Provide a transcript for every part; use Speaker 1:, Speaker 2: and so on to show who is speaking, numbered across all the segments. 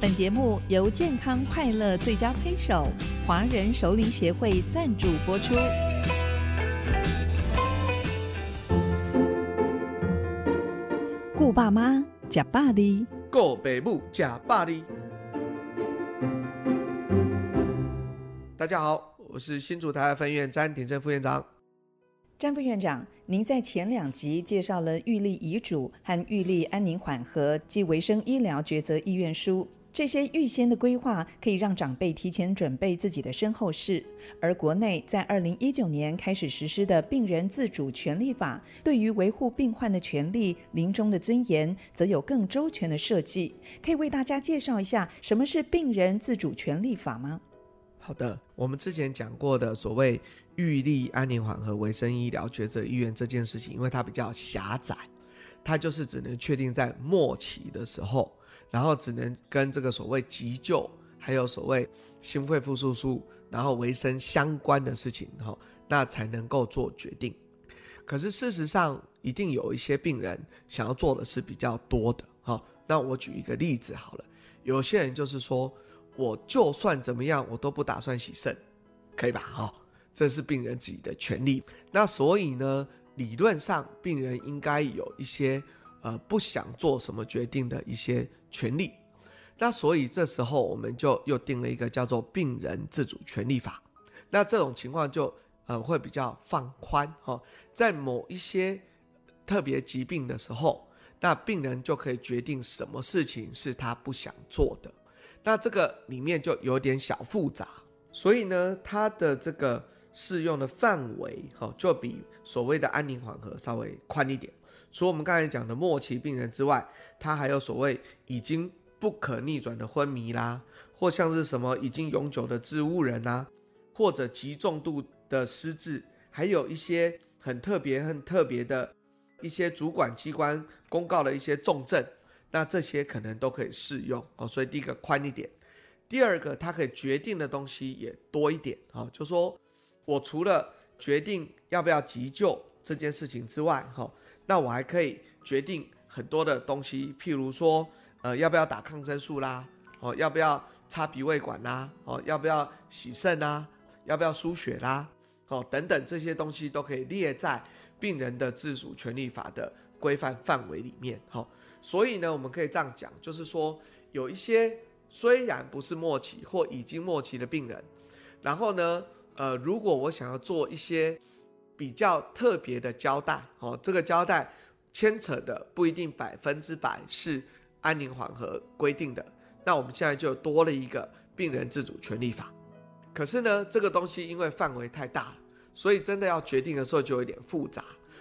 Speaker 1: 本節目由健康快樂最佳推手華人熟齡協會贊助播出。顧爸媽，吃百里；
Speaker 2: 顧北母，吃百里。大家好，我是新竹台大分院詹鼎正副院長。
Speaker 1: 詹副院長，您在前兩集介紹了預立遺囑和預立安寧緩和暨維生醫療抉擇意願書，這些預先的規劃可以讓長輩提前準備自己的身後事。而國內在二零一九年開始實施的《病人自主權利法》，對於維護病患的權利、臨終的尊嚴，則有更周全的設計。可以為大家介紹一下什麼是《病人自主權利法》
Speaker 2: 嗎？好的，我們之前講過的所謂。預立安寧緩和維生醫療抉擇意願這件事情，因為它比較狹窄，它就是只能確定在末期的時候，然後只能跟這個所謂急救，還有所謂心肺復甦術，然後維生相關的事情那才能夠做決定。可是事實上，一定有一些病人想要做的是比較多的哈。那我舉一個例子好了，有些人就是說，我就算怎麼樣，我都不打算洗腎，可以吧？哈。這是病人自己的權利，那所以呢，理論上病人應該有一些呃不想做什麼決定的一些權利，那所以這時候我們就又定了一個叫做病人自主權利法，那這種情況就呃會比較放寬哈、哦，在某一些特別疾病的時候，那病人就可以決定什麼事情是他不想做的，那這個裡面就有點小複雜，所以呢，他的這個。適用的範圍哈，就比所謂的安寧緩和稍微寬一點。除了我們剛才講的末期病人之外，它還有所謂已經不可逆轉的昏迷啦，或像是什麼已經永久的植物人啊，或者極重度的失智，還有一些很特別、很特別的一些主管機關公告的一些重症，那這些可能都可以適用哦。所以第一個寬一點，第二個它可以決定的東西也多一點啊，就說。我除了決定要不要急救這件事情之外，哈，那我還可以決定很多的東西，譬如說，呃，要不要打抗生素啦，哦，要不要插鼻胃管啦，哦，要不要洗腎啦，啊，要不要輸血啦，哦，等等，這些東西都可以列在病人的自主權利法的規範範圍裡面，哈。所以呢，我們可以這樣講，就是說，有一些雖然不是末期或已經末期的病人，然後呢。呃，如果我想要做一些比較特別的交代，哦，這個交代牽扯的不一定百分之百是安寧緩和規定的，那我們現在就多了一個病人自主權利法。可是呢，這個東西因為範圍太大了，所以真的要決定的時候就有點複雜。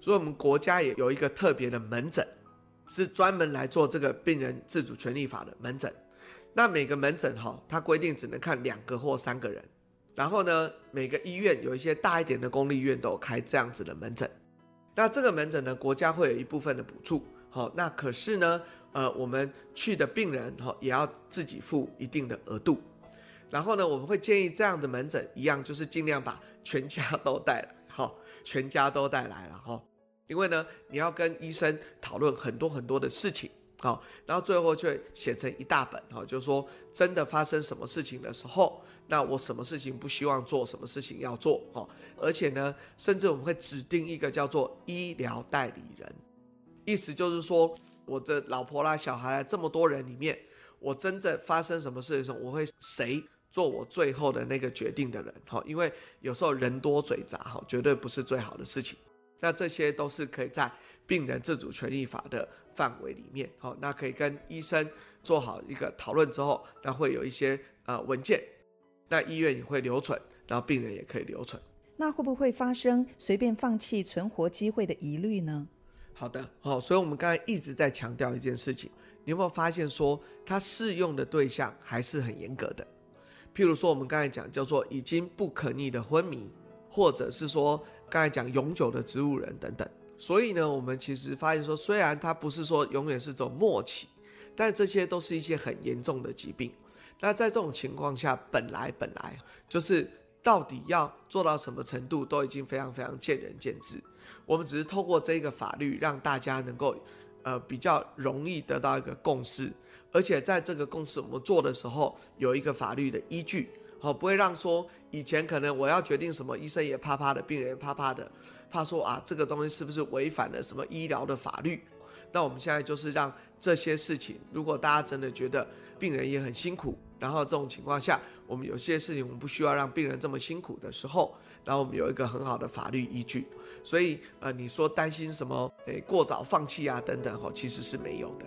Speaker 2: 所以我們國家也有一個特別的門診，是專門來做這個病人自主權利法的門診。那每個門診哈，哦，它規定只能看兩個或三個人。然後呢，每個醫院有一些大一點的公立醫院都有開這樣子的門診，那這個門診呢，國家會有一部分的補助，齁，那可是呢，呃，我們去的病人齁，也要自己付一定的額度，然後呢，我們會建議這樣的門診一樣就是儘量把全家都帶來，齁，全家都帶來了齁，因為呢，你要跟醫生討論很多很多的事情。好，然後最後就寫成一大本，哈，就是說真的發生什麼事情的時候，那我什麼事情不希望做，什麼事情要做，哈，而且呢，甚至我們會指定一個叫做醫療代理人，意思就是說我的老婆啦、小孩，這麼多人裡面，我真的發生什麼事情的時候，我會誰做我最後的那個決定的人，哈，因為有時候人多嘴雜，哈，絕對不是最好的事情。那這些都是可以在病人自主權利法的範圍裡面，好，那可以跟醫生做好一個討論之後，那會有一些呃文件，那醫院也會留存，然後病人也可以留存。
Speaker 1: 那會不會發生隨便放棄存活機會的疑慮呢？
Speaker 2: 好的，好，所以我們剛才一直在強調一件事情，你有沒有發現說它適用的對象還是很嚴格的？譬如說我們剛才講叫做已經不可逆的昏迷。或者是說剛才講永久的植物人等等，所以呢，我們其實發現說，雖然它不是說永遠是種末期，但這些都是一些很嚴重的疾病。那在這種情況下，本來本來就是到底要做到什麼程度，都已經非常非常見仁見智。我們只是透過這一個法律，讓大家能夠呃比較容易得到一個共識，而且在這個共識我們做的時候，有一個法律的依據。哦，不會讓說以前可能我要決定什麼，醫生也怕怕的，病人也怕怕的，怕說啊這個東西是不是違反了什麼醫療的法律？那我們現在就是讓這些事情，如果大家真的覺得病人也很辛苦，然後這種情況下，我們有些事情我們不需要讓病人這麼辛苦的時候，然後我們有一個很好的法律依據，所以呃，你說擔心什麼，哎，過早放棄啊等等，哦，其實是沒有的。